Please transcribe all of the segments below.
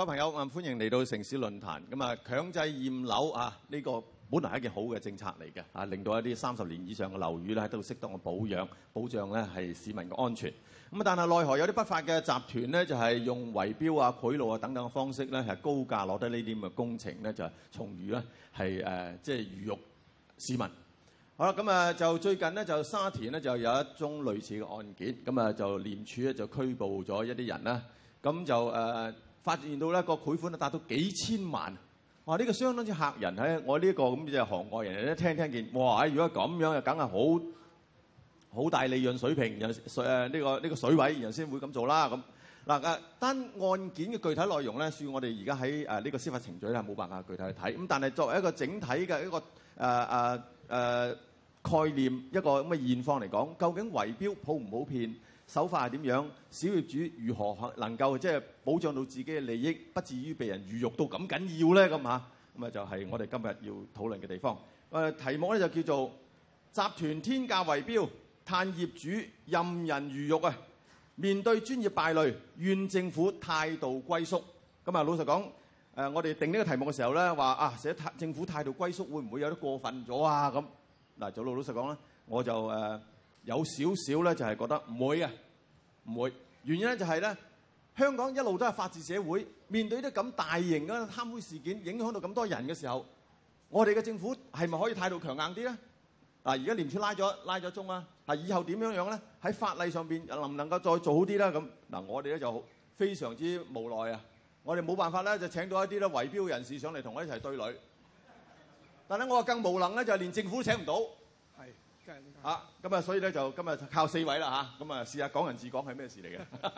各位朋友，咁歡迎嚟到城市論壇。咁啊，強制驗樓啊，呢個本嚟係一件好嘅政策嚟嘅啊，令到一啲三十年以上嘅樓宇咧得到適當嘅保養，保障咧係市民嘅安全。咁啊，但係奈何有啲不法嘅集團咧，就係、是、用圍標啊、賄賂啊等等嘅方式咧，係高價攞得呢啲咁嘅工程咧，就從而咧係誒即係魚肉市民。好啦，咁啊就最近呢，就沙田咧就有一宗類似嘅案件，咁啊就廉署咧就拘捕咗一啲人啦，咁就誒。呃發現到咧個賄款啊達到幾千萬，哇！呢、這個相當之嚇人咧。我呢個咁嘅行外人咧聽聽見，哇！如果咁樣又梗係好好大利潤水平，又誒呢個呢、這個水位，然人先會咁做啦。咁嗱誒，單案件嘅具體內容咧，恕我哋而家喺誒呢個司法程序咧，冇辦法具體去睇。咁但係作為一個整體嘅一個誒誒誒概念，一個咁嘅現況嚟講，究竟圍標普唔普遍？可手法係點樣？小業主如何能夠即係保障到自己嘅利益，不至於被人魚肉到咁緊要咧？咁啊，咁啊就係我哋今日要討論嘅地方。誒、呃、題目咧就叫做集團天價圍標，歎業主任人魚肉啊！面對專業敗類，怨政府態度龜縮。咁、嗯、啊，老實講，誒、呃、我哋定呢個題目嘅時候咧，話啊寫政府態度龜縮會唔會有啲過分咗啊？咁嗱，就老老實講啦，我就誒。呃有少少咧，就係覺得唔會啊，唔會。原因咧就係咧，香港一路都係法治社會，面對啲咁大型嘅貪污事件，影響到咁多人嘅時候，我哋嘅政府係咪可以態度強硬啲咧？嗱，而家廉署拉咗拉咗宗啊，啊，以後點樣樣咧？喺法例上邊能唔能夠再做好啲咧？咁嗱，我哋咧就非常之無奈啊，我哋冇辦法咧，就請到一啲咧圍標人士上嚟同我一齊對壘。但係我更無能咧，就係連政府都請唔到。嚇，咁啊！所以咧就今日靠四位啦，嚇，咁啊，試下港人治港係咩事嚟嘅。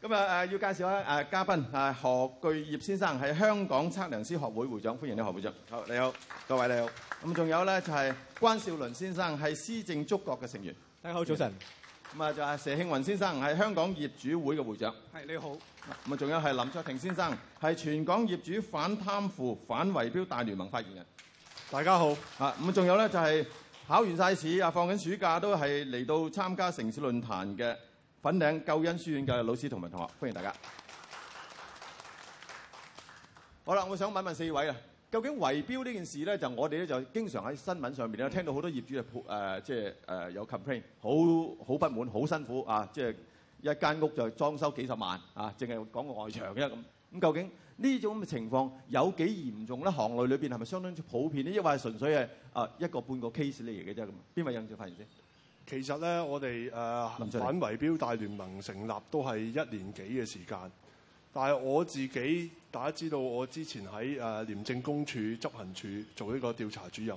咁啊，誒要介紹下誒嘉賓啊，何巨業、何鉅業先生係香港測量師學會會長，歡迎你何會長。好，你好，各位你好。咁仲有咧就係關少倫先生係施政觸角嘅成員。大家好，早晨。咁啊就係佘慶雲先生係香港業主會嘅會長。係你好。咁啊仲有係林卓廷先生係全港業主反貪腐反圍標大聯盟發言人。大家好。啊咁啊仲有咧就係。考完晒試啊，放緊暑假都係嚟到參加城市論壇嘅粉嶺救恩書院嘅老師同埋同學，歡迎大家。 好啦，我想問問四位啊，究竟圍標呢件事咧，就我哋咧就經常喺新聞上邊咧聽到好多業主、呃即係呃、complain, 啊，誒，即係誒有 complain，好好不滿，好辛苦啊，即係一間屋就裝修幾十萬啊，淨係講個外牆啫咁。咁究竟呢種咁嘅情況有幾嚴重咧？行內裏面係咪相當之普遍呢？抑或係純粹係啊一個半個 case 嚟嘅啫？咁邊位印象發現先？其實咧，我哋、呃、反圍標大聯盟成立都係一年幾嘅時間。但係我自己大家知道，我之前喺誒、呃、廉政公署執行處做呢個調查主任，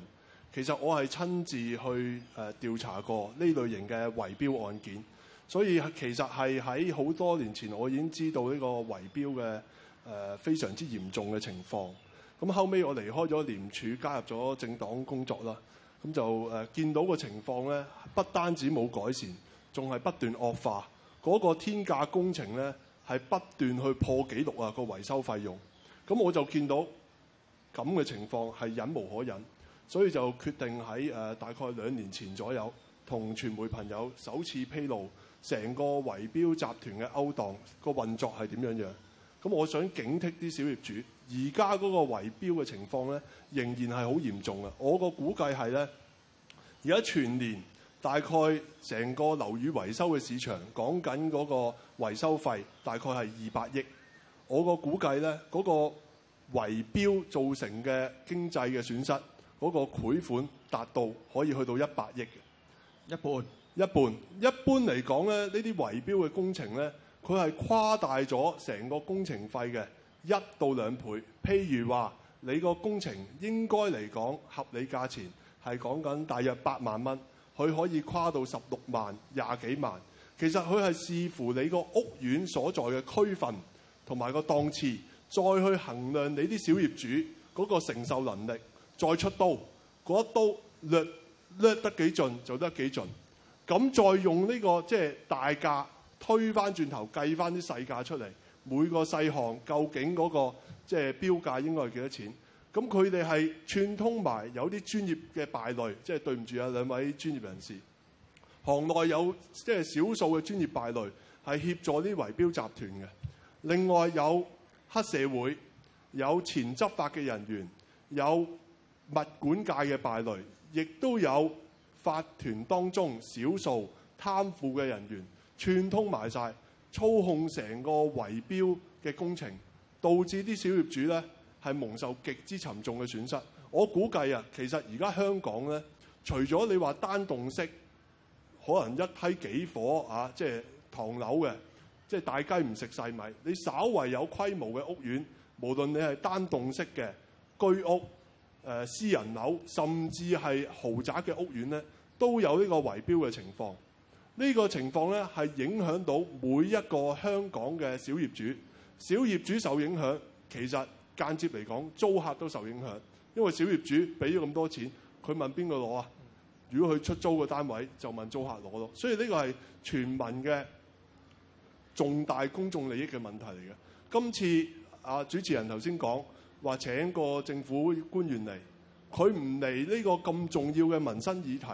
其實我係親自去、呃、調查過呢類型嘅圍標案件。所以其實係喺好多年前，我已經知道呢個圍標嘅誒、呃、非常之嚴重嘅情況，咁後尾我離開咗廉署，加入咗政黨工作啦。咁就誒、呃、見到個情況咧，不單止冇改善，仲係不斷惡化。嗰個天價工程咧，係不斷去破紀錄啊！個維修費用，咁我就見到咁嘅情況係忍無可忍，所以就決定喺誒、呃、大概兩年前左右，同傳媒朋友首次披露成個圍標集團嘅勾當個運作係點樣樣。咁我想警惕啲小業主，而家嗰個圍標嘅情況咧，仍然係好嚴重嘅。我個估計係咧，而家全年大概成個樓宇維修嘅市場講緊嗰個維修費，大概係二百億。我個估計咧，嗰、那個圍標造成嘅經濟嘅損失，嗰、那個賄款達到可以去到一百億嘅一半。一半一般嚟講咧，呢啲圍標嘅工程咧。佢係誇大咗成個工程費嘅一到兩倍，譬如話你個工程應該嚟講合理價錢係講緊大約八萬蚊，佢可以誇到十六萬、廿幾萬。其實佢係視乎你個屋苑所在嘅區份同埋個檔次，再去衡量你啲小業主嗰個承受能力，再出刀嗰一刀略略，略得幾盡就得幾盡，咁再用呢、這個即係、就是、大價。推翻轉頭計翻啲細價出嚟，每個細項究竟嗰個即係標價應該係幾多錢？咁佢哋係串通埋有啲專業嘅敗類，即係對唔住啊，兩位專業人士，行內有即係少數嘅專業敗類係協助啲圍標集團嘅。另外有黑社會，有前執法嘅人員，有物管界嘅敗類，亦都有法團當中少數貪腐嘅人員。串通埋晒操控成個圍標嘅工程，導致啲小業主咧係蒙受極之沉重嘅損失。我估計啊，其實而家香港咧，除咗你話單棟式，可能一梯幾夥啊，即係唐樓嘅，即、就、係、是、大雞唔食細米。你稍為有規模嘅屋苑，無論你係單棟式嘅居屋、誒、呃、私人樓，甚至係豪宅嘅屋苑咧，都有呢個圍標嘅情況。呢個情況咧，係影響到每一個香港嘅小業主。小業主受影響，其實間接嚟講租客都受影響，因為小業主俾咗咁多錢，佢問邊個攞啊？如果佢出租嘅單位，就問租客攞咯。所以呢個係全民嘅重大公眾利益嘅問題嚟嘅。今次啊，主持人頭先講話，請個政府官員嚟，佢唔嚟呢個咁重要嘅民生議題。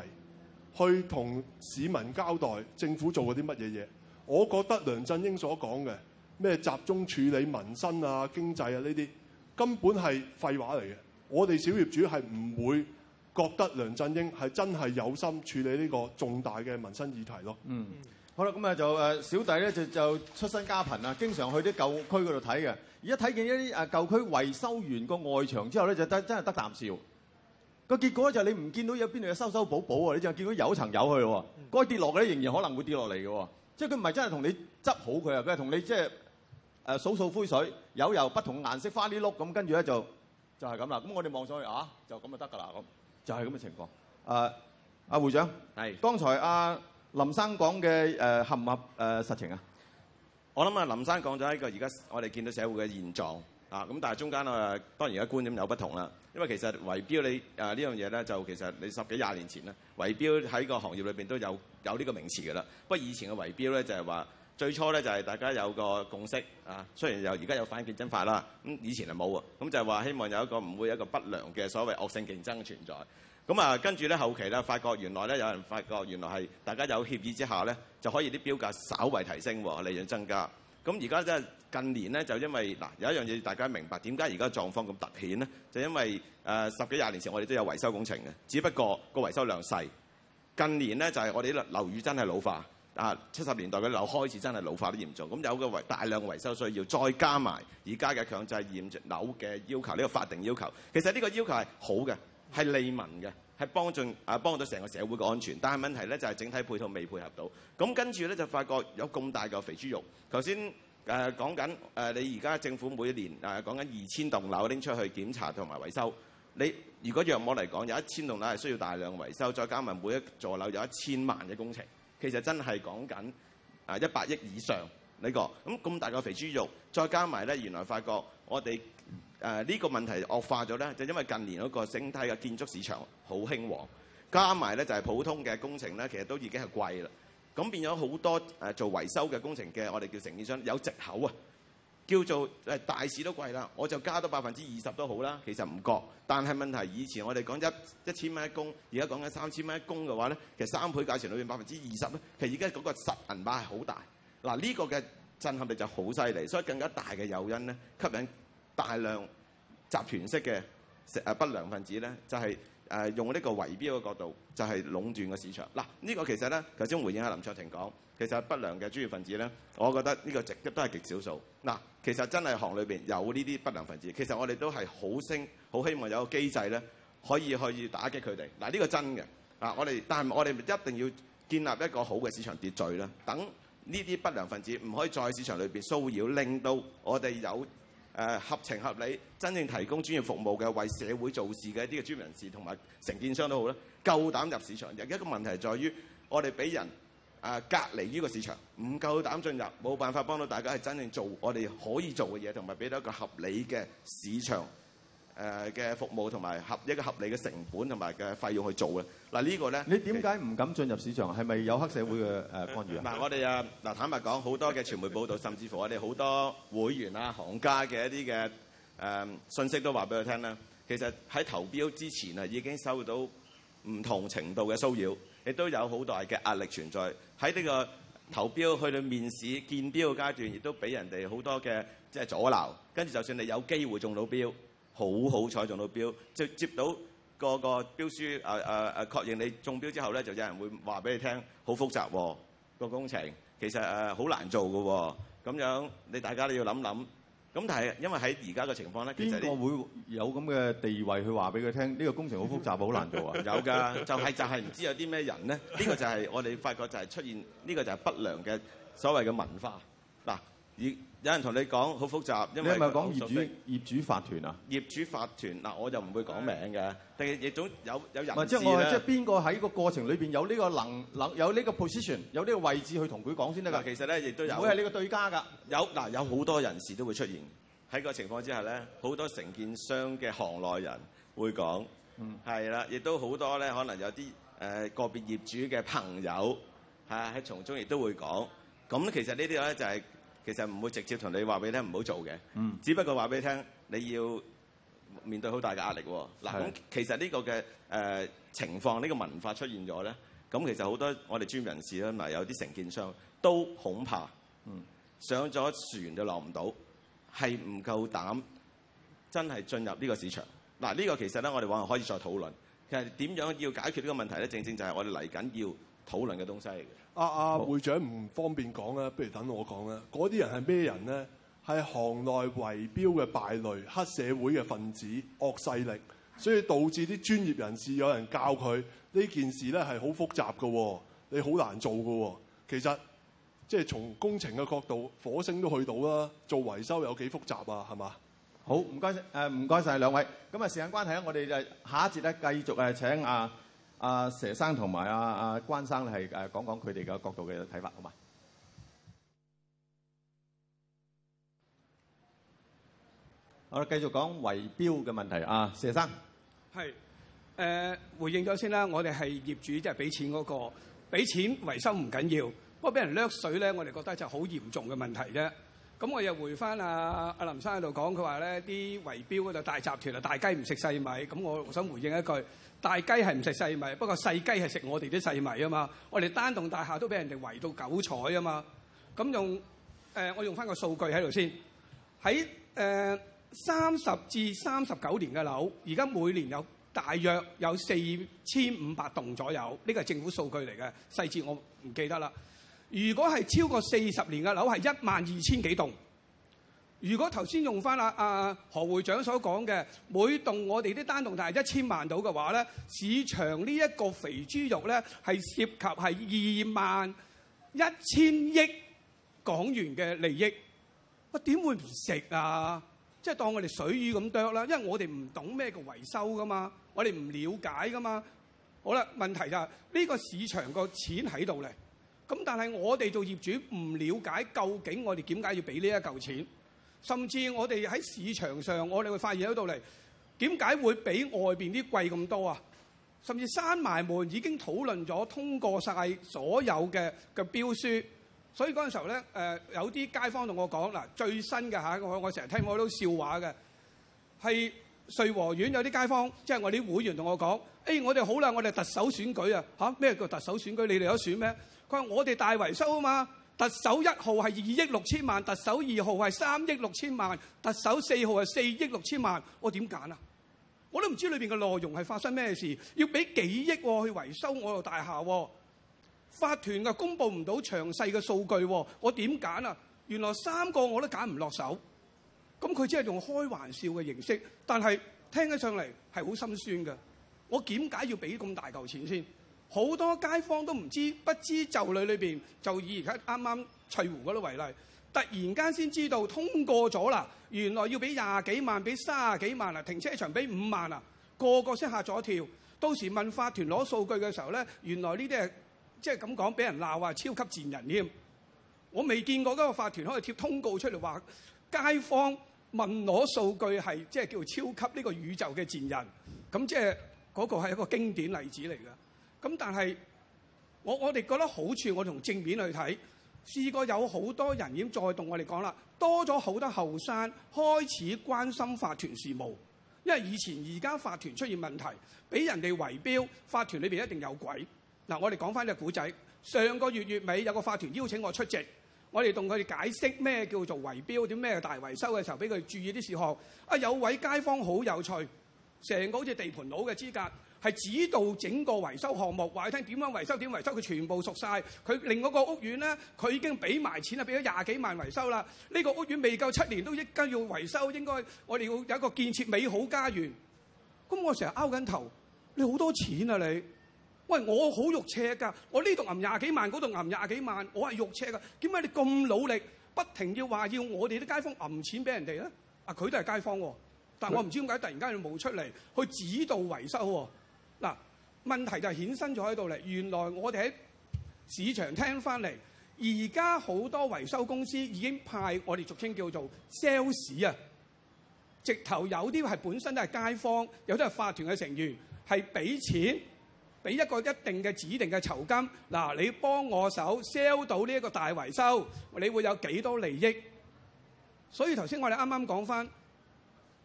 去同市民交代政府做過啲乜嘢嘢？我覺得梁振英所講嘅咩集中處理民生啊、經濟啊呢啲，根本係廢話嚟嘅。我哋小業主係唔會覺得梁振英係真係有心處理呢個重大嘅民生議題咯。嗯，好啦，咁啊就誒小弟咧就就出身家貧啊，經常去啲舊區嗰度睇嘅。而家睇見一啲誒舊區維修完個外牆之後咧，就得真係得啖笑。個結果就係你唔見到有邊度有修修補補喎，你就見到有層有去喎。該跌落嘅咧仍然可能會跌落嚟嘅，即係佢唔係真係同你執好佢啊，佢係同你即係誒數數灰水，有油不同顏色花啲碌咁，跟住咧就就係咁啦。咁我哋望上去啊，就咁就得㗎啦，咁就係咁嘅情況。誒，阿會長，係剛才阿林生講嘅誒合唔合誒實情啊？我諗啊，林生講咗呢個而家我哋見到社會嘅現狀。啊，咁但係中間啊，當然而家觀點有不同啦。因為其實圍標你啊這呢樣嘢咧，就其實你十幾廿年前咧，圍標喺個行業裏邊都有有呢個名詞嘅啦。不過以前嘅圍標咧就係話，最初咧就係、是、大家有個共識啊。雖然又而家有反競爭法啦，咁、嗯、以前係冇喎。咁就係話希望有一個唔會有一個不良嘅所謂惡性競爭嘅存在。咁啊，跟住咧後期咧，發覺原來咧有人發覺原來係大家有協議之下咧，就可以啲標價稍為提升喎，利潤增加。咁而家真係～近年咧就因為嗱有一樣嘢大家明白點解而家狀況咁突顯咧，就因為、呃、十幾廿年前我哋都有維修工程嘅，只不過個維修量細。近年咧就係我哋樓宇真係老化啊，七十年代嘅樓開始真係老化得嚴重，咁有個大量維修需要，再加埋而家嘅強制驗樓嘅要求，呢、呢個法定要求，其實呢個要求係好嘅，係利民嘅，係幫助誒幫到成個社會嘅安全，但係問題咧就係整體配套未配合到，咁跟住咧就發覺有咁大嘅肥豬肉，頭先。誒講緊誒，你而家政府每年誒講緊二千棟樓拎出去檢查同埋維修。你如果讓我嚟講有一千棟樓係需要大量維修，再加埋每一座樓有一千萬嘅工程，其實真係講緊誒一百億以上呢個。咁咁大個肥豬肉，再加埋咧，原來發覺我哋呃呢個問題惡化咗咧，就因為近年嗰個整體嘅建築市場好興旺，加埋咧就係普通嘅工程咧，其實都已經係貴啦。咁變咗好多誒做維修嘅工程嘅，我哋叫承建商有藉口啊，叫做誒大市都貴啦，我就加多百分之二十都好啦，其實唔覺。但係問題係以前我哋講一一千蚊一工，而家講緊三千蚊一工嘅話咧，其實三倍價錢裏面百分之二十咧，其實而家嗰個實銀碼係好大。嗱，呢個嘅震撼力就好犀利，所以更加大嘅誘因咧，吸引大量集團式嘅誒不良分子咧，就係。誒、呃、用呢個圍標嘅角度，就係、是、壟斷個市場。嗱，呢個其實咧，頭先回應阿林卓廷講，其實不良嘅專業分子咧，我覺得呢個極都係極少數。嗱、呃，其實真係行裏邊有呢啲不良分子，其實我哋都係好聲，好希望有個機制咧，可以去以打擊佢哋。嗱、呃，呢、這個是真嘅。嗱、呃，我哋但係我哋一定要建立一個好嘅市場秩序啦，等呢啲不良分子唔可以再喺市場裏邊騷擾，令到我哋有。合情合理，真正提供專業服務嘅、為社會做事嘅一啲嘅專業人士同埋承建商都好咧，夠膽入市場。而家個問題在於，我哋俾人啊隔離呢個市場，唔夠膽進入，冇辦法幫到大家係真正做我哋可以做嘅嘢，同埋俾到一個合理嘅市場。誒嘅服務同埋合一個合理嘅成本同埋嘅費用去做嘅。嗱呢個咧，你點解唔敢進入市場？係咪有黑社會嘅誒干預啊？嗱，我哋啊嗱，坦白講，好多嘅傳媒報導，甚至乎我哋好多會員啊、行家嘅一啲嘅誒信息都話俾我聽啦。其實喺投標之前啊，已經受到唔同程度嘅騷擾，亦都有好大嘅壓力存在喺呢個投標去到面試、見標嘅階段，亦都俾人哋好多嘅即係阻撓。跟住就算你有機會中到標，好好彩撞到標，就接到個個標書，誒誒誒確認你中標之後咧，就有人會話俾你聽，好複雜喎個工程，其實誒好難做嘅喎，咁樣你大家你要諗諗，咁但係因為喺而家嘅情況咧，邊個會有咁嘅地位去話俾佢聽？呢個工程好複雜喎，好難做啊！有㗎，就係就係唔知有啲咩人咧，呢個就係我哋發覺就係出現呢個就係不良嘅所謂嘅文化嗱，以。有人同你講好複雜，因為你係咪講業主業主法團啊？業主法團嗱，我就唔會講名嘅，但係業主有有人士即係我即係邊個喺個過程裏邊有呢個能能有呢個 position 有呢個位置去同佢講先得㗎。其實咧亦都有，不會係呢個對家㗎。有嗱，有好多人士都會出現喺個情況之下咧，好多承建商嘅行內人會講，係、嗯、啦，亦都好多咧，可能有啲誒、呃、個別業主嘅朋友係喺從中亦都會講。咁其實呢啲咧就係、是。其實唔會直接同你話俾你聽唔好做嘅、嗯，只不過話俾你聽你要面對好大嘅壓力喎。嗱，咁、啊、其實呢個嘅誒、呃、情況，呢、這個文化出現咗咧，咁其實好多我哋專業人士啦，嗱、啊、有啲承建商都恐怕上咗船就落唔到，係唔夠膽真係進入呢個市場。嗱、啊，呢、這個其實咧，我哋往後可以再討論，其實點樣要解決呢個問題咧？正正就係我哋嚟緊要討論嘅東西嚟嘅。阿、啊、阿、啊、會長唔方便講啊，不如等我講啊。嗰啲人係咩人咧？係行內圍標嘅敗類、黑社會嘅分子、惡勢力，所以導致啲專業人士有人教佢呢件事咧係好複雜嘅，你好難做嘅。其實即係從工程嘅角度，火星都去到啦，做維修有幾複雜啊？係嘛？好，唔該誒，唔該晒兩位。咁啊，時間關係咧，我哋就下一節咧繼續誒請阿。阿佘生同埋阿阿關生，係誒講講佢哋嘅角度嘅睇法，好嘛？好，繼續講圍標嘅問題。阿佘生，係誒回應咗先啦。我哋係業主，即係俾錢嗰個，俾錢維修唔緊要。不過俾人掠水咧，我哋覺得就好嚴重嘅問題啫。咁我又回翻阿阿林生喺度講，佢話咧啲圍標嗰度大集團啊，大雞唔食細米。咁我想回應一句。大雞係唔食細米，不過細雞係食我哋啲細米啊嘛。我哋單棟大廈都俾人哋圍到九彩啊嘛。咁用誒、呃，我用翻個數據喺度先。喺誒三十至三十九年嘅樓，而家每年有大約有四千五百棟左右，呢個係政府數據嚟嘅，細節我唔記得啦。如果係超過四十年嘅樓，係一萬二千幾棟。如果頭先用翻阿阿何會長所講嘅，每棟我哋啲單棟大一千萬到嘅話咧，市場呢一個肥豬肉咧，係涉及係二萬一千億港元嘅利益，我、啊、點會唔食啊？即係當我哋水魚咁啄啦，因為我哋唔懂咩叫維修噶嘛，我哋唔了解噶嘛。好啦，問題就係、是、呢、這個市場個錢喺度咧，咁但係我哋做業主唔了解究竟我哋點解要俾呢一嚿錢。甚至我哋喺市場上，我哋會發現喺度嚟點解會比外邊啲貴咁多啊？甚至閂埋門已經討論咗通過曬所有嘅嘅標書，所以嗰陣時候咧、呃，有啲街坊同我講嗱，最新嘅嚇，我我成日聽我都笑話嘅，係瑞和苑有啲街坊，即係我啲會員同我講，誒我哋好啦，我哋特首選舉啊吓，咩叫特首選舉？你哋有選咩？佢話我哋大維修啊嘛。特首一號係二億六千萬，特首二號係三億六千萬，特首四號係四億六千萬，我點揀啊？我都唔知裏邊嘅內容係發生咩事，要俾幾億、哦、去維修我個大廈、哦，法團啊，公布唔到詳細嘅數據、哦，我點揀啊？原來三個我都揀唔落手，咁佢只係用開玩笑嘅形式，但係聽得上嚟係好心酸嘅，我點解要俾咁大嚿錢先？好多街坊都唔知，不知就裏裏邊就以而家啱啱翠湖嗰度為例，突然間先知道通過咗啦，原來要俾廿幾萬，俾卅幾萬啊，停車場俾五萬啊，個個先吓咗一跳。到時問法團攞數據嘅時候咧，原來呢啲係即係咁講，俾人鬧啊，超級賤人添。我未見過嗰個法團可以貼通告出嚟話街坊問攞數據係即係叫超級呢個宇宙嘅賤人，咁即係嗰係一個經典例子嚟嘅。咁但係我我哋覺得好處，我同正面去睇，試過有好多人已經再同我哋講啦，多咗好多後生開始關心法團事務，因為以前而家法團出現問題，俾人哋圍標，法團裏面一定有鬼。嗱，我哋講翻隻古仔，上個月月尾有個法團邀請我出席，我哋同佢哋解釋咩叫做圍標，點咩大維修嘅時候，俾佢注意啲事項。啊，有位街坊好有趣，成個好似地盤佬嘅資格。係指導整個維修項目，話你聽點樣維修點維修，佢全部熟晒。佢另外個屋苑咧，佢已經俾埋錢啦，俾咗廿幾萬維修啦。呢個屋苑未夠七年都一家要維修，應該我哋要有一個建設美好家園。咁我成日拗緊頭，你好多錢啊你？喂，我好肉赤㗎，我呢度揞廿幾萬，嗰度揞廿幾萬，我係肉赤㗎。點解你咁努力，不停要話要我哋啲街坊揞錢俾人哋咧？啊，佢都係街坊喎，但我唔知點解突然間要冇出嚟去指導維修喎。嗱，問題就係衍生咗喺度嚟。原來我哋喺市場聽翻嚟，而家好多維修公司已經派我哋俗稱叫做 sales 啊，直頭有啲係本身都係街坊，有啲係法團嘅成員，係俾錢，俾一個一定嘅指定嘅酬金。嗱，你幫我手 sell 到呢一個大維修，你會有幾多利益？所以頭先我哋啱啱講翻。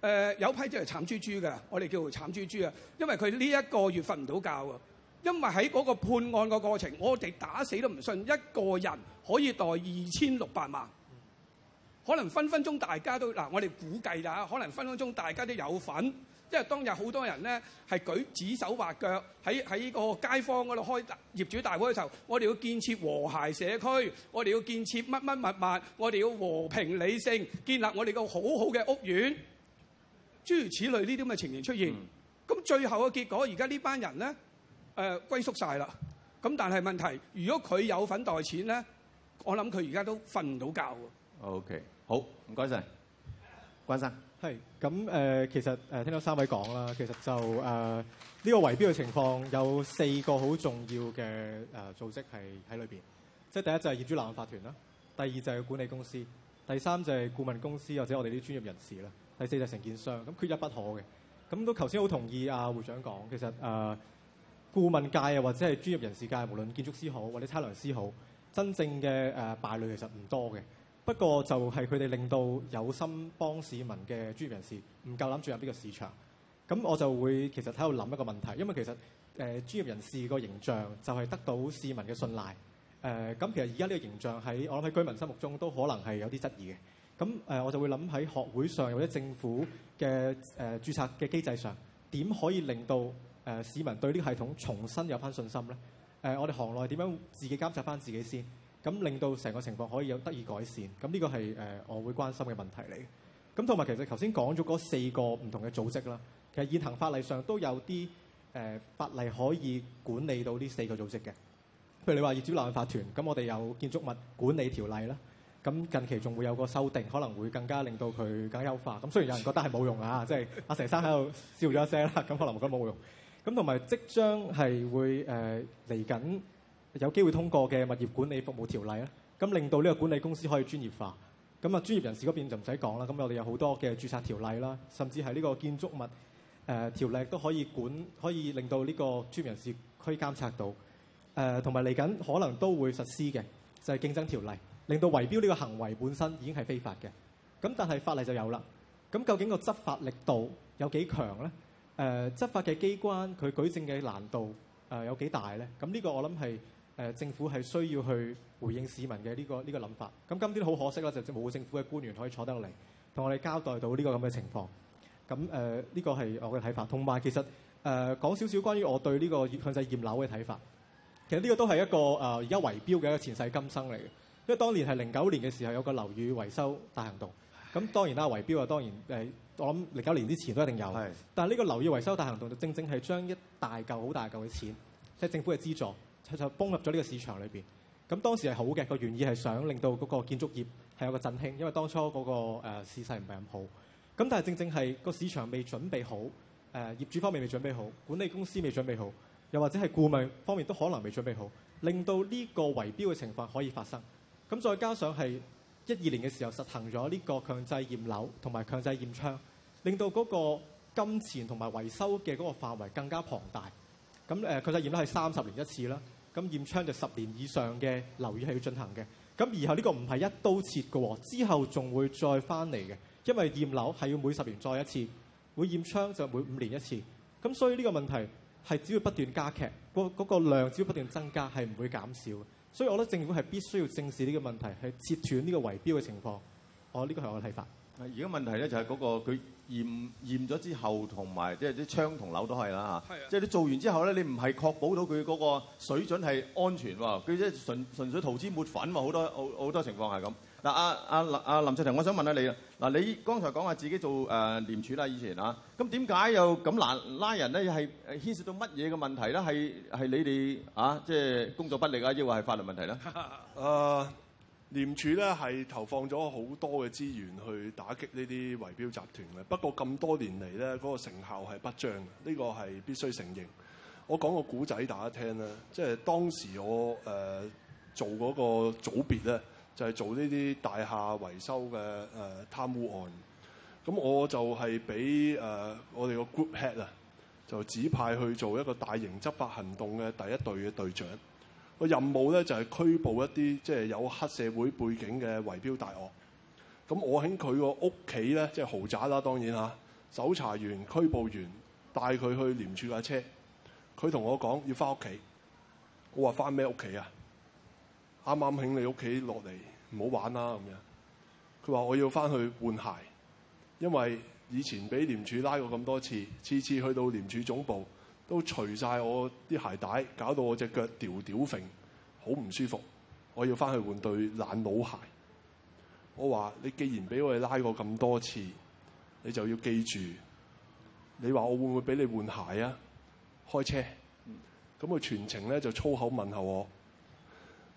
誒、呃、有批就係慘豬豬嘅，我哋叫做慘豬豬啊！因為佢呢一個月瞓唔到覺㗎，因為喺嗰個判案個過程，我哋打死都唔信一個人可以袋二千六百萬，可能分分鐘大家都嗱、啊，我哋估計啦、啊，可能分分鐘大家都有份。因為當日好多人咧係舉指手畫腳喺喺呢個街坊嗰度開業主大會嘅時候，我哋要建設和諧社區，我哋要建設乜乜物物，我哋要和平理性建立我哋個好好嘅屋苑。諸如此類呢啲咁嘅情形出現，咁、嗯、最後嘅結果，而家呢班人咧，誒、呃、歸宿晒啦。咁但係問題，如果佢有份袋錢咧，我諗佢而家都瞓唔到覺㗎。OK，好，唔該晒。關生。係，咁誒、呃、其實誒聽到三位講啦，其實就誒呢、呃這個圍標嘅情況有四個好重要嘅誒、呃、組織係喺裏邊，即係第一就係業主立案法團啦，第二就係管理公司，第三就係顧問公司或者我哋啲專業人士啦。第四就承建商，咁缺一不可嘅。咁都頭先好同意啊會長講，其實誒、呃、顧問界啊，或者係專業人士界，無論建築師好或者測量師好，真正嘅誒、呃、敗類其實唔多嘅。不過就係佢哋令到有心幫市民嘅專業人士唔夠膽進入呢個市場。咁我就會其實喺度諗一個問題，因為其實誒、呃、專業人士個形象就係得到市民嘅信賴。誒、呃、咁其實而家呢個形象喺我諗喺居民心目中都可能係有啲質疑嘅。咁誒，我就會諗喺學會上或者政府嘅誒註冊嘅機制上，點可以令到誒、呃、市民對呢個系統重新有翻信心咧？誒、呃，我哋行內點樣自己監察翻自己先，咁令到成個情況可以有得以改善？咁呢個係誒我會關心嘅問題嚟。咁同埋其實頭先講咗嗰四個唔同嘅組織啦，其實現行法例上都有啲誒、呃、法例可以管理到呢四個組織嘅，譬如你話業主立案法團，咁我哋有建築物管理條例啦。咁近期仲會有個修訂，可能會更加令到佢更加優化。咁雖然有人覺得係冇用啊，即係阿成生喺度笑咗一聲啦，咁可能覺得冇用。咁同埋即將係會誒嚟緊有機會通過嘅物業管理服務條例咧，咁令到呢個管理公司可以專業化。咁啊專業人士嗰邊就唔使講啦。咁我哋有好多嘅註冊條例啦，甚至係呢個建築物誒條例都可以管，可以令到呢個專業人士可以監察到。誒同埋嚟緊可能都會實施嘅就係競爭條例。令到圍標呢個行為本身已經係非法嘅，咁但係法例就有啦。咁究竟個執法力度有幾強咧？誒、呃，執法嘅機關佢舉證嘅難度誒、呃、有幾大咧？咁呢個我諗係誒政府係需要去回應市民嘅呢、這個呢、這個諗法。咁今天好可惜啦，就政冇政府嘅官員可以坐得嚟同我哋交代到呢個咁嘅情況。咁誒呢個係我嘅睇法。同埋其實誒講少少關於我對呢、這個強制驗樓嘅睇法。其實呢個都係一個誒而家圍標嘅前世今生嚟嘅。因為當年係零九年嘅時候有個樓宇維修大行動，咁當然啦，圍標啊，當然誒。我諗零九年之前都一定有，是但係呢個樓宇維修大行動就正正係將一大嚿好大嚿嘅錢，即、就、係、是、政府嘅資助，就就泵入咗呢個市場裏邊。咁當時係好嘅個原意係想令到嗰個建築業係有個振興，因為當初嗰、那個誒、呃、市勢唔係咁好。咁但係正正係個市場未準備好，誒、呃、業主方面未準備好，管理公司未準備好，又或者係顧問方面都可能未準備好，令到呢個圍標嘅情況可以發生。咁再加上係一二年嘅時候實行咗呢個強制驗樓同埋強制驗窗，令到嗰個金錢同埋維修嘅嗰個範圍更加龐大。咁，呃，強制驗樓係三十年一次啦，咁驗窗就十年以上嘅樓宇係要進行嘅。咁而後呢個唔係一刀切嘅，之後仲會再翻嚟嘅，因為驗樓係要每十年再一次，會驗窗就每五年一次。咁所以呢個問題係只要不斷加劇，嗰、那、嗰個量只要不斷增加，係唔會減少。所以我覺得政府係必須要正視呢個問題，係切斷呢個圍標嘅情況。這是我呢個係我嘅睇法。而家問題咧就係嗰、那個佢驗驗咗之後，同埋即係啲窗同樓都係啦嚇。即係、就是、你做完之後咧，你唔係確保到佢嗰個水準係安全喎。佢即係純純粹塗脂抹粉喎，好多好好多情況係咁。嗱，阿阿林阿林卓廷，我想問下你啊。嗱，你剛才講話自己做誒廉署啦，以前啊，咁點解又咁難拉人咧？又係牽涉到乜嘢嘅問題咧？係係你哋啊，即係工作不力啊，抑或係法律問題咧？誒廉署咧係投放咗好多嘅資源去打擊呢啲圍標集團嘅，不過咁多年嚟咧，嗰個成效係不彰嘅，呢個係必須承認。我講個古仔大家聽啦，即係當時我誒做嗰個組別咧。就係做呢啲大廈維修嘅誒貪污案，咁我就係俾誒我哋個 group head 啊，就指派去做一個大型執法行動嘅第一隊嘅隊長。個任務咧就係拘捕一啲即係有黑社會背景嘅圍標大鱷。咁我喺佢個屋企咧，即係豪宅啦，當然嚇。搜查完拘捕完，帶佢去廉署架車。佢同我講要返屋企，我話返咩屋企啊？啱啱喺你屋企落嚟，唔好玩啦咁樣。佢話我要翻去換鞋，因為以前俾廉署拉過咁多次，次次去到廉署總部都除曬我啲鞋帶，搞到我隻腳屌屌揈，好唔舒服。我要翻去換對懶佬鞋。我話你既然俾我哋拉過咁多次，你就要記住。你話我會唔會俾你換鞋啊？開車，咁、嗯、佢全程咧就粗口問候我。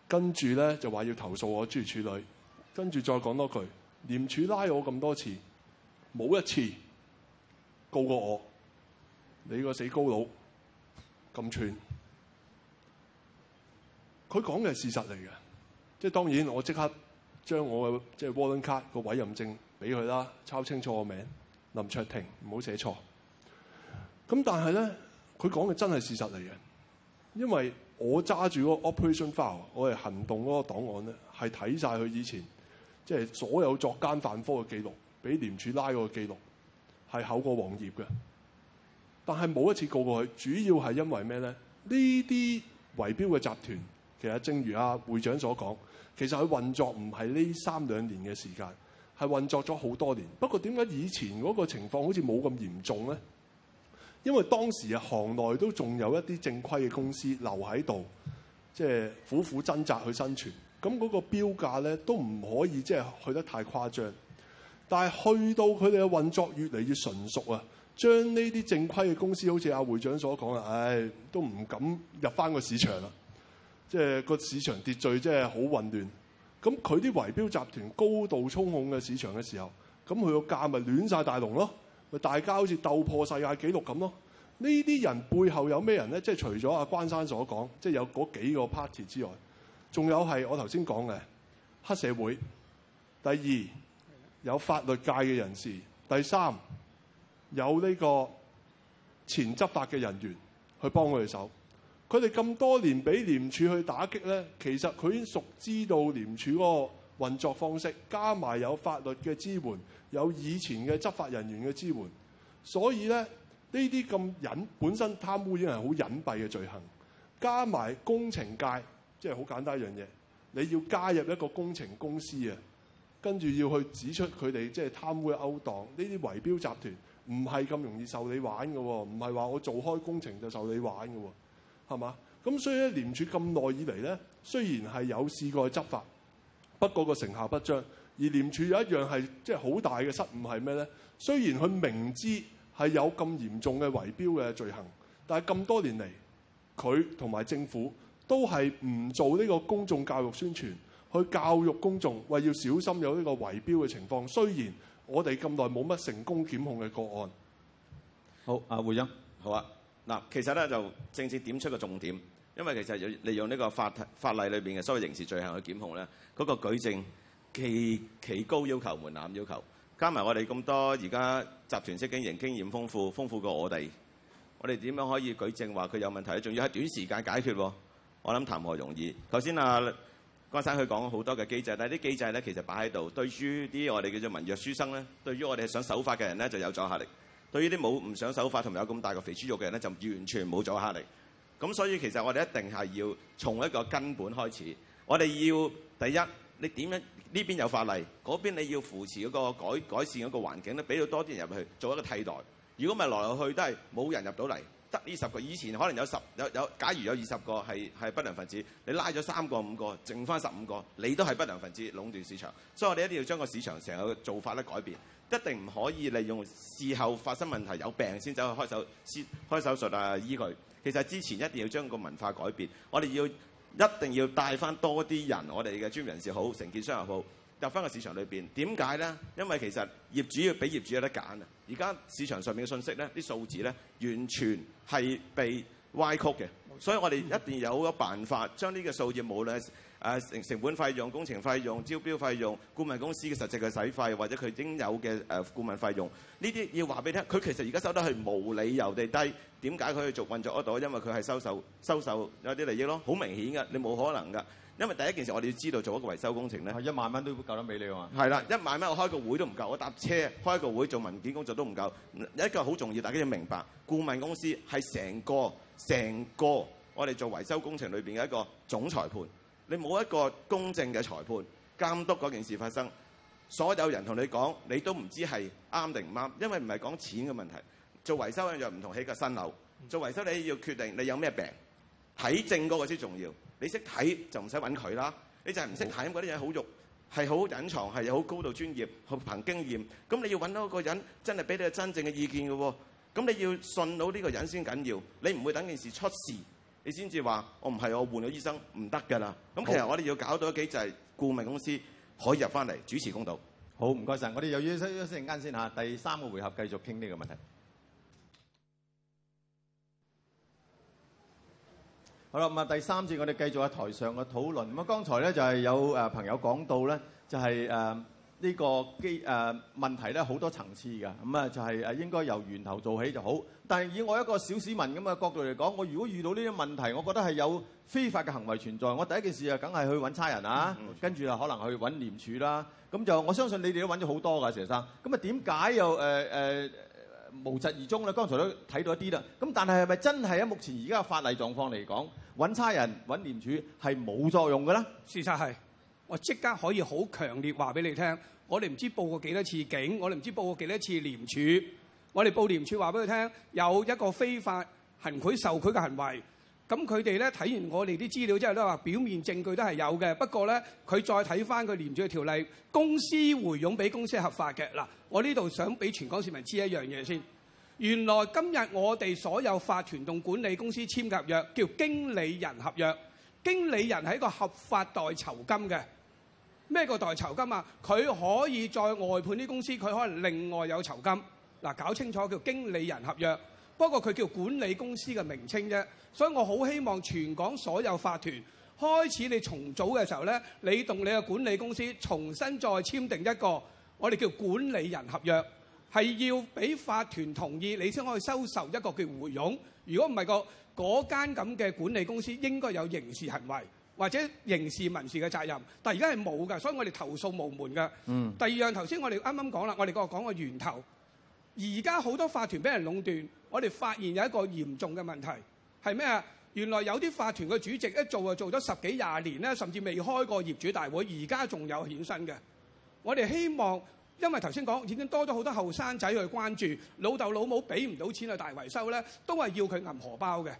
跟住咧就話要投訴我諸如處女，跟住再講多句，廉署拉我咁多次，冇一次告過我，你個死高佬咁串，佢講嘅係事實嚟嘅，即係當然我即刻將我嘅即係 Warrant Card 個委任證俾佢啦，抄清楚個名林卓廷，唔好寫錯。咁但係咧，佢講嘅真係事實嚟嘅，因為，我揸住個 operation file，我哋行動嗰個檔案咧，係睇晒佢以前，即係所有作奸犯科嘅記錄，俾廉署拉嗰個記錄，係厚過黃頁嘅。但係冇一次告過佢，主要係因為咩咧？呢啲圍標嘅集團其實正如阿會長所講，其實，佢運作唔係呢三兩年嘅時間，係運作咗好多年。不過點解以前嗰個情況好似冇咁嚴重咧？因為當時啊，行內都仲有一啲正規嘅公司留喺度，即係苦苦掙扎去生存。咁嗰個標價咧都唔可以即係去得太誇張。但係去到佢哋嘅運作越嚟越純熟啊，將呢啲正規嘅公司，好似阿會長所講啊，唉，都唔敢入翻個市場啦。即係個市場秩序即係好混亂。咁佢啲圍標集團高度操控嘅市場嘅時候，咁佢個價咪亂晒大龍咯。大家好似鬥破世界紀錄咁咯，呢啲人背後有咩人咧？即係除咗阿關山所講，即係有嗰幾個 party 之外，仲有係我頭先講嘅黑社會。第二有法律界嘅人士，第三有呢個前執法嘅人員去幫佢哋手。佢哋咁多年俾廉署去打擊咧，其實佢已經熟知道廉署嗰個。運作方式，加埋有法律嘅支援，有以前嘅執法人員嘅支援，所以咧呢啲咁隱，本身貪污已經係好隱蔽嘅罪行，加埋工程界，即係好簡單一樣嘢，你要加入一個工程公司啊，跟住要去指出佢哋即係貪污嘅勾當，呢啲圍標集團，唔係咁容易受你玩嘅喎，唔係話我做開工程就受你玩嘅喎，係嘛？咁所以咧，廉署咁耐以嚟咧，雖然係有試過去執法。不過個成效不彰，而廉署有一樣係即係好大嘅失誤係咩咧？雖然佢明知係有咁嚴重嘅圍標嘅罪行，但係咁多年嚟，佢同埋政府都係唔做呢個公眾教育宣傳，去教育公眾話要小心有呢個圍標嘅情況。雖然我哋咁耐冇乜成功檢控嘅個案。好，阿、啊、會長，好啊。嗱，其實咧就正正點出個重點。因為其實利用呢個法法例裏邊嘅所謂刑事罪行去檢控咧，嗰、那個舉證其其高要求門檻要求，加埋我哋咁多而家集團式經營經驗豐富，豐富過我哋。我哋點樣可以舉證話佢有問題咧？仲要喺短時間解決喎，我諗談何容易？頭、啊、先啊關生佢講好多嘅機制，但係啲機制咧其實擺喺度，對於啲我哋叫做文弱書生咧，對於我哋想守法嘅人咧就有阻嚇力；對於啲冇唔想守法同埋有咁大個肥豬肉嘅人咧，就完全冇阻嚇力。咁所以其實我哋一定係要從一個根本開始。我哋要第一，你點樣呢邊有法例，嗰邊你要扶持嗰個改，改善嗰個環境咧，俾到多啲人入去做一個替代。如果唔係來來去去都係冇人入到嚟，得呢十個，以前可能有十有有，假如有二十個係係不良分子，你拉咗三個五個，剩返十五個，你都係不良分子壟斷市場。所以我哋一定要將個市場成個做法改變。一定唔可以利用事後發生問題有病先走去開手先開手術啊醫佢。其實之前一定要將個文化改變。我哋要一定要帶翻多啲人，我哋嘅專業人士好，承建商又好，入翻個市場裏邊。點解呢？因為其實業主要俾業主有得揀啊。而家市場上面嘅信息呢啲數字呢，完全係被歪曲嘅。所以我哋一定要有個辦法，將呢個數字無論誒成成本費用、工程費用、招標費用、顧問公司嘅實際嘅使費，或者佢應有嘅誒顧問費用，呢啲要話俾你聽。佢其實而家收得係無理由地低，點解佢可以去做運作得到？因為佢係收受收受有啲利益咯，好明顯㗎，你冇可能㗎。因為第一件事，我哋要知道做一個維修工程咧，一萬蚊都夠得你啊嘛。係啦，一萬蚊我開個會都唔夠，我搭車開個會做文件工作都唔夠。一個好重要，大家要明白，顧問公司係成個成個我哋做維修工程裏邊嘅一個總裁判。你冇一個公正嘅裁判監督嗰件事發生，所有人同你講，你都唔知係啱定唔啱，因為唔係講錢嘅問題。做維修人樣唔同起架新樓，做維修你要決定你有咩病，睇症嗰個先重要。你識睇就唔使揾佢啦，你就係唔識睇，因為啲人好肉，係好隱藏，係好高度專業，好憑經驗。咁你要揾到一個人真係俾你真正嘅意見嘅喎，咁你要信到呢個人先緊要。你唔會等件事出事。你先至話我唔係我換咗醫生唔得㗎啦。咁其實我哋要搞到幾就係顧問公司可以入翻嚟主持公道。好，唔該曬。我哋又要休息一陣間先嚇。第三個回合繼續傾呢個問題。好啦，咁啊，第三節我哋繼續喺台上嘅討論。咁啊，剛才咧就係有誒朋友講到咧，就係誒。呢、這個機誒、呃、問題咧好多層次嘅，咁、嗯、啊就係、是、誒應該由源頭做起就好。但係以我一個小市民咁嘅角度嚟講，我如果遇到呢啲問題，我覺得係有非法嘅行為存在，我第一件事就是啊，梗係去揾差人啊，跟住就可能去揾廉署啦。咁就我相信你哋都揾咗好多㗎，佘生。咁啊點解又誒誒無疾而終咧？剛才都睇到一啲啦。咁但係係咪真係喺目前而家嘅法例狀況嚟講，揾差人揾廉署係冇作用嘅咧？事實係。我即刻可以好強烈話俾你聽，我哋唔知報過幾多次警，我哋唔知報過幾多次廉署，我哋報廉署話俾佢聽，有一個非法行賄受賄嘅行為。咁佢哋咧睇完我哋啲資料之後咧話，都表面證據都係有嘅，不過咧佢再睇翻佢廉署嘅條例，公司回傭俾公司合法嘅。嗱，我呢度想俾全港市民知一樣嘢先，原來今日我哋所有法團同管理公司簽合約叫經理人合約，經理人係一個合法代酬金嘅。咩叫代酬金啊？佢可以再外判啲公司，佢可能另外有酬金。嗱，搞清楚叫經理人合約，不過佢叫管理公司嘅名稱啫。所以我好希望全港所有法團開始你重組嘅時候咧，你同你嘅管理公司重新再簽訂一個我哋叫管理人合約，係要俾法團同意，你先可以收受一個叫回佣。如果唔係個嗰間咁嘅管理公司應該有刑事行為。或者刑事民事嘅責任，但係而家係冇㗎，所以我哋投訴無門㗎。嗯。第二樣頭先我哋啱啱講啦，我哋個講個源頭，而家好多法團俾人壟斷，我哋發現有一個嚴重嘅問題係咩啊？原來有啲法團嘅主席一做就做咗十幾廿年咧，甚至未開過業主大會，而家仲有衍生嘅。我哋希望，因為頭先講已經多咗好多後生仔去關注，老豆老母俾唔到錢去大維修咧，都係要佢銀荷包嘅。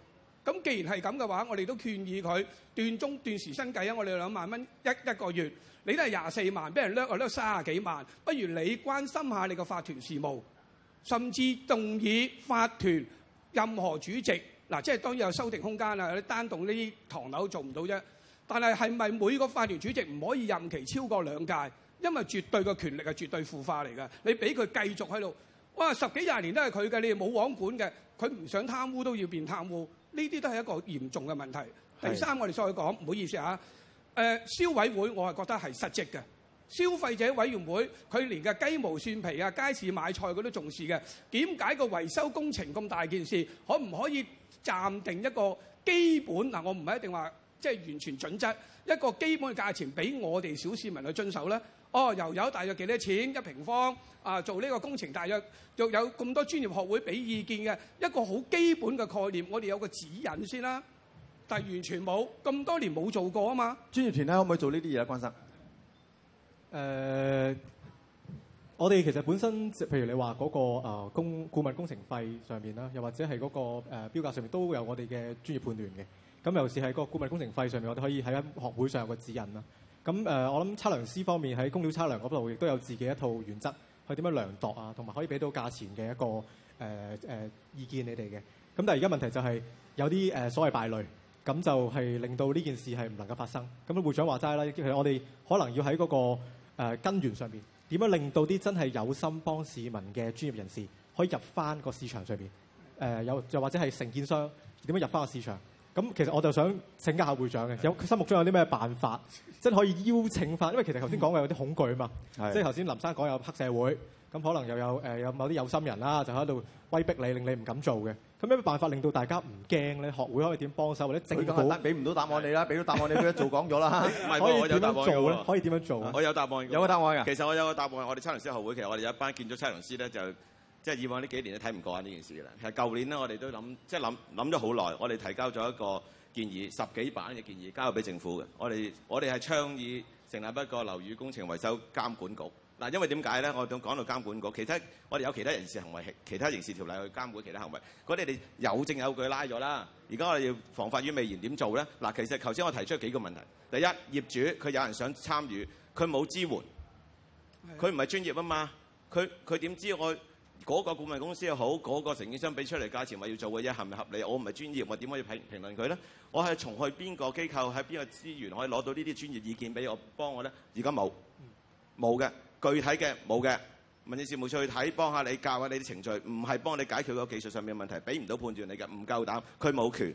咁既然係咁嘅話，我哋都勸議佢斷中斷時薪計啊！我哋有兩萬蚊一一個月，你都係廿四萬，俾人掠啊掠三啊幾萬，不如你關心下你個法團事務，甚至動議法團任何主席嗱、啊，即係當然有修訂空間啦，有啲單獨呢啲唐樓做唔到啫。但係係咪每個法團主席唔可以任期超過兩屆？因為絕對嘅權力係絕對腐化嚟嘅，你俾佢繼續喺度，哇十幾廿年都係佢嘅，你冇王管嘅，佢唔想貪污都要變貪污。呢啲都係一個嚴重嘅問題。第三，我哋再講，唔好意思嚇、啊。誒、呃，消委會我係覺得係失職嘅。消費者委員會佢連嘅雞毛蒜皮啊、街市買菜佢都重視嘅。點解個維修工程咁大件事，可唔可以暫定一個基本嗱？我唔係一定話即係完全準則，一個基本嘅價錢俾我哋小市民去遵守咧？哦，又有大約幾多錢一平方啊？做呢個工程，大約又有咁多專業學會俾意見嘅一個好基本嘅概念，我哋有個指引先啦、啊。但係完全冇咁多年冇做過啊嘛。專業團體可唔可以做呢啲嘢啊？關生，誒、呃，我哋其實本身，譬如你話嗰、那個工、呃、顧問工程費上面啦，又或者係嗰、那個標、呃、標價上面，都有我哋嘅專業判斷嘅。咁尤其是喺嗰個顧問工程費上面，我哋可以喺學會上有個指引啦。咁誒，我諗測量師方面喺工料測量嗰度，亦都有自己一套原則，去點樣量度啊，同埋可以俾到價錢嘅一個誒誒、呃呃、意見你哋嘅。咁但係而家問題就係有啲誒、呃、所謂敗類，咁就係令到呢件事係唔能夠發生。咁會長話齋啦，其實我哋可能要喺嗰、那個、呃、根源上邊，點樣令到啲真係有心幫市民嘅專業人士可以入翻個市場上邊？誒、呃、有，又或者係承建商點樣入翻個市場？咁其實我就想請教下會長嘅，有佢心目中有啲咩辦法，即係可以邀請翻？因為其實頭先講嘅有啲恐懼啊嘛，即係頭先林生講有黑社會，咁可能又有誒有某啲有心人啦，就喺度威逼你，令你唔敢做嘅。咁有咩辦法令到大家唔驚咧？學會可以點幫手，或者政府？俾唔到答案你啦，俾到答案你做講咗啦。唔係，我有答案嘅，可以點樣做啊？我有答案。有個答案㗎。其實我有個答案係我哋測量師學會，其實我哋有一班建築測量師咧就。即以往呢幾年都睇唔過眼呢件事嘅啦。其實舊年咧，我哋都諗，即係諗諗咗好耐，我哋提交咗一個建議，十幾版嘅建議，交咗俾政府嘅。我哋我哋係倡議成立一個樓宇工程維修監管局。嗱，因為點解咧？我哋講到監管局，其他我哋有其他人事行為，其他刑事條例去監管其他行為。嗰啲你有證有據拉咗啦。而家我哋要防範於未然，點做咧？嗱，其實頭先我提出幾個問題：第一，業主佢有人想參與，佢冇支援，佢唔係專業啊嘛，佢佢點知我？嗰個顧問公司又好，嗰個承建商俾出嚟價錢話要做嘅嘢係咪合理？我唔係專業，我點可以評評論佢咧？我係從去邊個機構喺邊個資源可以攞到呢啲專業意見俾我幫我咧？而家冇，冇嘅，具體嘅冇嘅。民政事務處睇幫下你教下你啲程序，唔係幫你解決個技術上面嘅問題，俾唔到判斷你嘅，唔夠膽，佢冇權。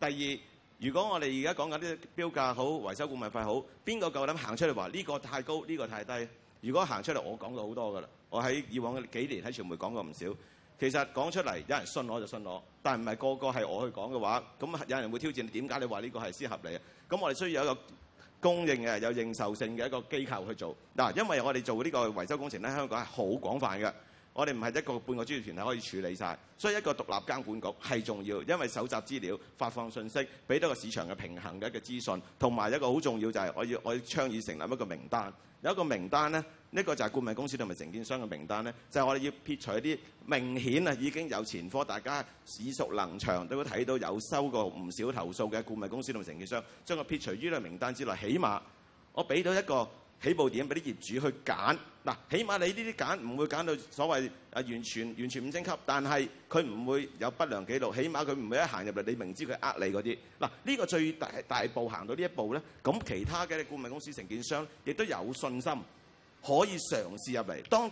第二，如果我哋而家講緊啲標價好，維修顧問費好，邊個夠膽行出嚟話呢個太高，呢個太低？如果行出嚟，我講過好多㗎啦。我喺以往嘅幾年喺傳媒講過唔少，其實講出嚟有人信我就信我，但係唔係個個係我去講嘅話，咁有人會挑戰你點解你話呢個係先合理啊？咁我哋需要有一個公認嘅有認受性嘅一個機構去做嗱，因為我哋做呢個維修工程咧，香港係好廣泛嘅，我哋唔係一個半個專業團體可以處理曬，所以一個獨立監管局係重要，因為蒐集資料、發放信息、俾到個市場嘅平衡嘅一個資訊，同埋一個好重要就係我要我要倡議成立一個名單，有一個名單咧。呢個就係顧問公司同埋承建商嘅名單咧，就係我哋要撇除一啲明顯啊已經有前科，大家耳熟能詳都睇到有收過唔少投訴嘅顧問公司同承建商，將佢撇除於呢個名單之內。起碼我俾到一個起步點俾啲業主去揀嗱，起碼你呢啲揀唔會揀到所謂啊完全完全五星級，但係佢唔會有不良記錄，起碼佢唔會一行入嚟你明知佢呃你嗰啲嗱。呢個最大大步行到呢一步咧，咁其他嘅顧問公司、承建商亦都有信心。可以嘗試入嚟，當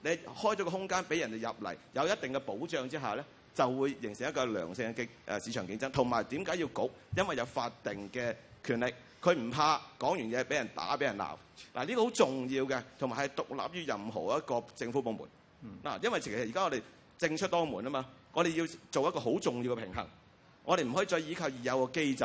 你開咗個空間俾人哋入嚟，有一定嘅保障之下咧，就會形成一個良性嘅市場競爭。同埋點解要局？因為有法定嘅權力，佢唔怕講完嘢俾人打、俾人鬧。嗱、啊，呢、這個好重要嘅，同埋係獨立於任何一個政府部門。嗱、啊，因為其實而家我哋政出多門啊嘛，我哋要做一個好重要嘅平衡，我哋唔可以再依靠現有嘅機制，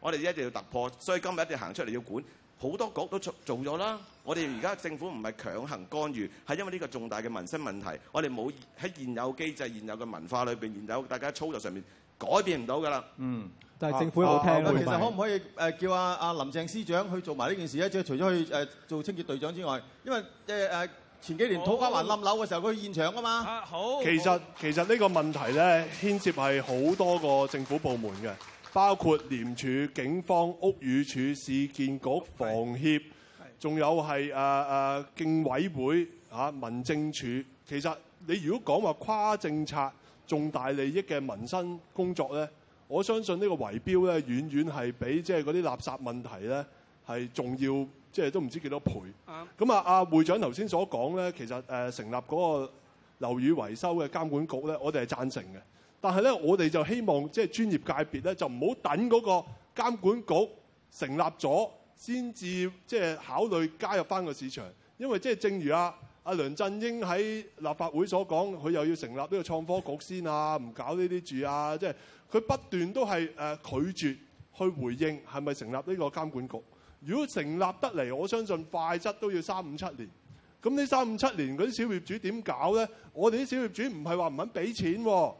我哋一定要突破。所以今日一定要行出嚟要管。好多局都做做咗啦。我哋而家政府唔係強行干預，係因為呢個重大嘅民生問題，我哋冇喺現有機制、現有嘅文化裏邊、現有大家操作上面改變唔到噶啦。嗯，但係政府好聽咯。其實可唔可以誒叫阿阿林鄭司長去做埋呢件事咧？即係除咗去誒做清潔隊長之外，因為誒誒前幾年土瓜灣冧樓嘅時候，佢去現場啊嘛。好。其實其實呢個問題咧牽涉係好多個政府部門嘅。包括廉署、警方、屋宇署、市建局、房協，仲有係誒誒競委會、啊、啊、民政署。其實你如果講話跨政策、重大利益嘅民生工作咧，我相信呢個標呢個圍標咧，遠遠係比即係嗰啲垃圾問題咧係重要，即、就、係、是、都唔知幾多少倍。咁啊，阿、啊、會長頭先所講咧，其實誒、啊、成立嗰個樓宇維修嘅監管局咧，我哋係贊成嘅。但係咧，我哋就希望即係、就是、專業界別咧，就唔好等嗰個監管局成立咗先至，即係考慮加入返個市場。因為即係正如阿、啊、阿梁振英喺立法會所講，佢又要成立呢個創科局先啊，唔搞呢啲住啊，即係佢不斷都係誒拒絕去回應係咪成立呢個監管局。如果成立得嚟，我相信快則都要三五七年。咁呢三五七年嗰啲小業主點搞咧？我哋啲小業主唔係話唔肯俾錢喎、啊。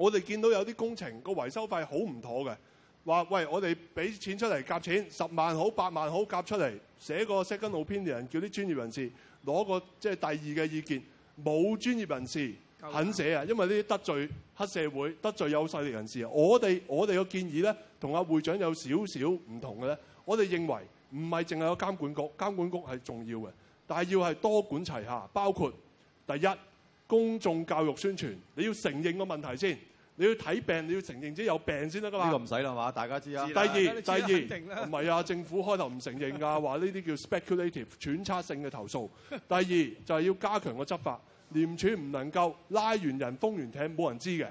我哋見到有啲工程個維修費好唔妥嘅，話喂，我哋俾錢出嚟夾錢，十萬好八萬好夾出嚟，寫個 second opinion 嘅人叫啲專業人士攞個即係、就是、第二嘅意見，冇專業人士肯寫啊，因為呢啲得罪黑社會、得罪有勢力人士啊。我哋我哋嘅建議咧，同阿會長有少少唔同嘅咧。我哋認為唔係淨係個監管局，監管局係重要嘅，但係要係多管齊下，包括第一，公眾教育宣傳，你要承認個問題先。你要睇病，你要承認自己有病先得噶嘛？呢、這個唔使啦嘛，大家知啦。第二，第二唔係啊，政府開頭唔承認噶、啊，話呢啲叫 speculative 揣測性嘅投訴。 第二就係、是、要加強個執法，廉署唔能夠拉完人封完艇，冇人知嘅，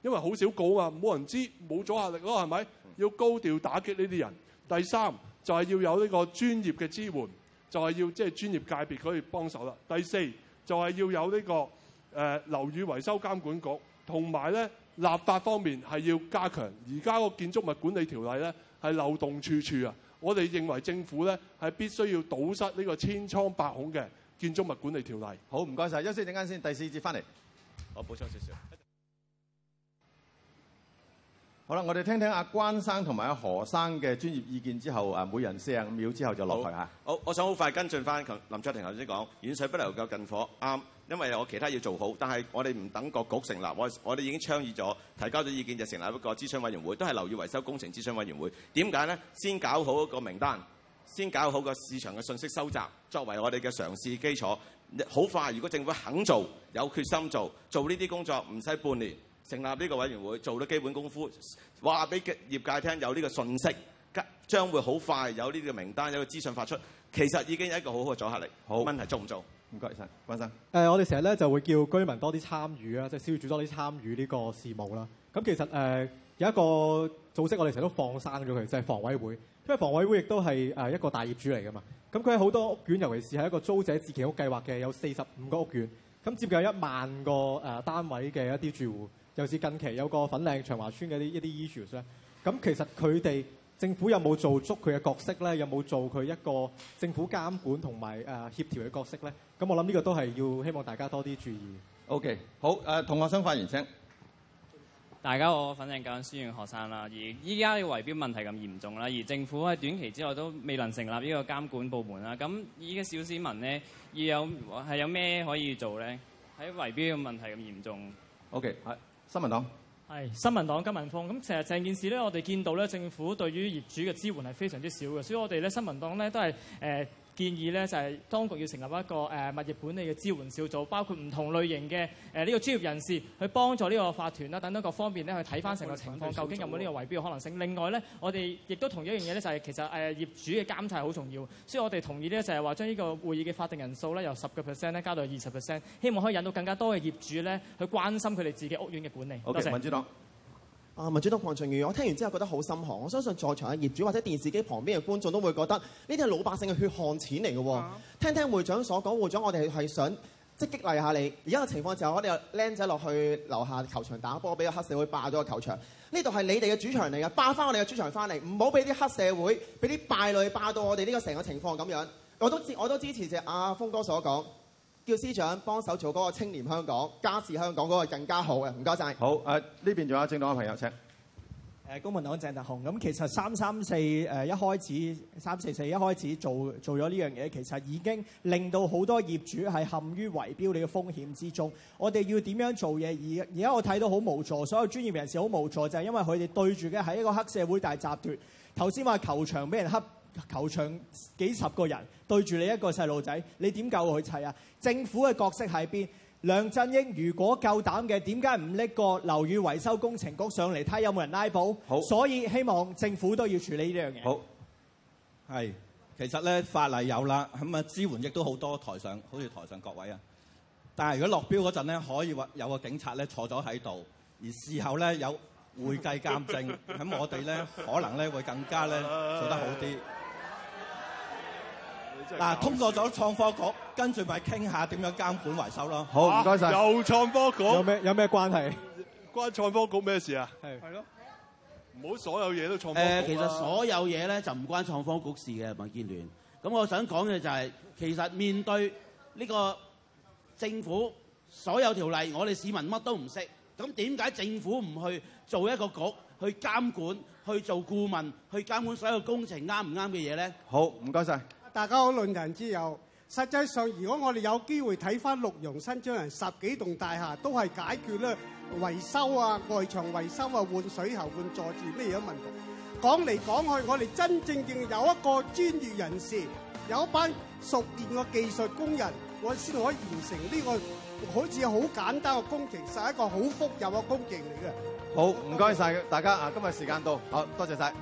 因為好少講啊，冇人知冇阻嚇力咯，係咪？要高調打擊呢啲人。第三就係、是、要有呢個專業嘅支援，就係、是、要即係專業界別可以幫手啦。第四就係、是、要有呢、這個呃、樓宇維修監管局，同埋咧。立法方面係要加強，而家個建築物管理條例呢係漏洞處處啊！我哋認為政府呢係必須要堵塞呢個千瘡百孔嘅建築物管理條例。好，唔該曬，休息陣間先，第四節翻嚟。我補充少少。好啦，我哋聽聽阿關生同埋阿何生嘅專業意見之後，每人四十五秒之後就落台嚇。好，我想好快跟進翻林卓廷頭先講遠水不能救近火，啱。因為我其他要做好，但係我哋唔等各局成立，我我哋已經倡議咗，提交咗意見就成立一個諮詢委員會，都係樓宇維修工程諮詢委員會。點解呢？先搞好一個名單，先搞好個市場嘅信息收集，作為我哋嘅嘗試基礎。好快，如果政府肯做，有決心做，做呢啲工作唔使半年，成立呢個委員會，做咗基本功夫，話俾業界聽有呢個信息，將會好快有呢個名單，有個資訊發出。其實已經有一個好好嘅阻嚇力。好問題，做唔做？唔該晒，關生。呃、我哋成日咧就會叫居民多啲參與啊，即係少主多啲參與呢個事務啦。咁其實誒、呃、有一個組織，我哋成日都放生咗佢，就係房委會。因為房委會亦都係一個大業主嚟噶嘛。咁佢喺好多屋苑，尤其是係一個租者置其屋計劃嘅，有四十五個屋苑，咁接近一萬個、呃、單位嘅一啲住戶。尤其是近期有個粉嶺長華村嘅一啲一啲 issues 咧，咁其實佢哋。政府有冇做足佢嘅角色咧？有冇做佢一個政府監管同埋誒協調嘅角色咧？咁我諗呢個都係要希望大家多啲注意。OK，好，誒同學生發言聲。大家好，我係正教書院學生啦。而依家嘅圍標問題咁嚴重啦，而政府喺短期之內都未能成立呢個監管部門啦。咁依家小市民咧要有係有咩可以做咧？喺圍標嘅問題咁嚴重。OK，係，新民黨。係新民黨金文峰。咁其實整件事呢，我哋見到呢，政府對於業主嘅支援係非常之少嘅，所以我哋呢，新民黨呢，都係建議呢就係當局要成立一個誒物業管理嘅支援小組，包括唔同類型嘅誒呢個專業人士去幫助呢個法團啦等等各方面呢去睇翻成個情況，究竟有冇呢個圍標嘅可能性？另外呢，我哋亦都同意一樣嘢咧，就係其實誒業主嘅監察好重要，所以我哋同意呢就係話將呢個會議嘅法定人數咧由十個 percent 咧加到二十 percent，希望可以引到更加多嘅業主咧去關心佢哋自己屋苑嘅管理。Okay, 多謝。民主黨啊，民主黨鄺俊宇，我聽完之後覺得好心寒。我相信在場嘅業主或者電視機旁邊嘅觀眾都會覺得呢啲係老百姓嘅血汗錢嚟嘅啊。聽聽會長所講，會長，我哋係想即係激勵下你。而家嘅情況就係我哋又靚仔落去樓下球場打波，俾個黑社會霸咗個球場。呢度係你哋嘅主場嚟嘅，霸翻我哋嘅主場翻嚟，唔好俾啲黑社會俾啲敗類霸到我哋呢個成個情況咁樣。我都支我都支持就阿峰哥所講。叫司長幫手做嗰個青年香港、家事香港嗰個更加好嘅，唔該晒，好，誒、呃、呢邊仲有政黨嘅朋友請。誒、呃，公民黨鄭達雄。咁其實三三四誒一開始，三四四一開始做做咗呢樣嘢，其實已經令到好多業主係陷於圍標你嘅風險之中。我哋要點樣做嘢？而而家我睇到好無助，所有專業人士好無助，就係、是、因為佢哋對住嘅係一個黑社會大集團。頭先話球場俾人黑。球場幾十個人對住你一個細路仔，你點夠佢砌啊？政府嘅角色喺邊？梁振英如果夠膽嘅，點解唔拎個樓宇維修工程局上嚟睇有冇人拉保？好，所以希望政府都要處理呢樣嘢。好，係其實咧法例有啦，咁啊支援亦都好多台上，好似台上各位啊。但係如果落標嗰陣咧，可以話有個警察咧坐咗喺度，而事後咧有會計監證，咁 我哋咧可能咧會更加咧做得好啲。嗱，通過咗創科局，跟住咪傾下點樣監管維修咯。好，唔該曬。又創科局有咩有咩關係？關創科局咩事啊？係係咯，唔好所有嘢都創科局啦。誒，其實所有嘢咧就唔關創科局事嘅民建聯。咁我想講嘅就係，其實面對呢個政府所有條例，我哋市民乜都唔識，咁點解政府唔去做一個局去監管、去做顧問、去監管所有工程啱唔啱嘅嘢咧？好，唔該曬。大家好，論壇之友，實際上，如果我哋有機會睇返綠楊新邨嘅十幾棟大廈，都係解決咧維修啊、外牆維修啊、換水喉、換坐柱咩嘢問題。講嚟講去，我哋真正正有一個專業人士，有一班熟練嘅技術工人，我先可以完成呢個好似好簡單嘅工程，實係一個好複雜嘅工程嚟嘅。好，唔該曬大家啊！今日時間到，好多謝曬。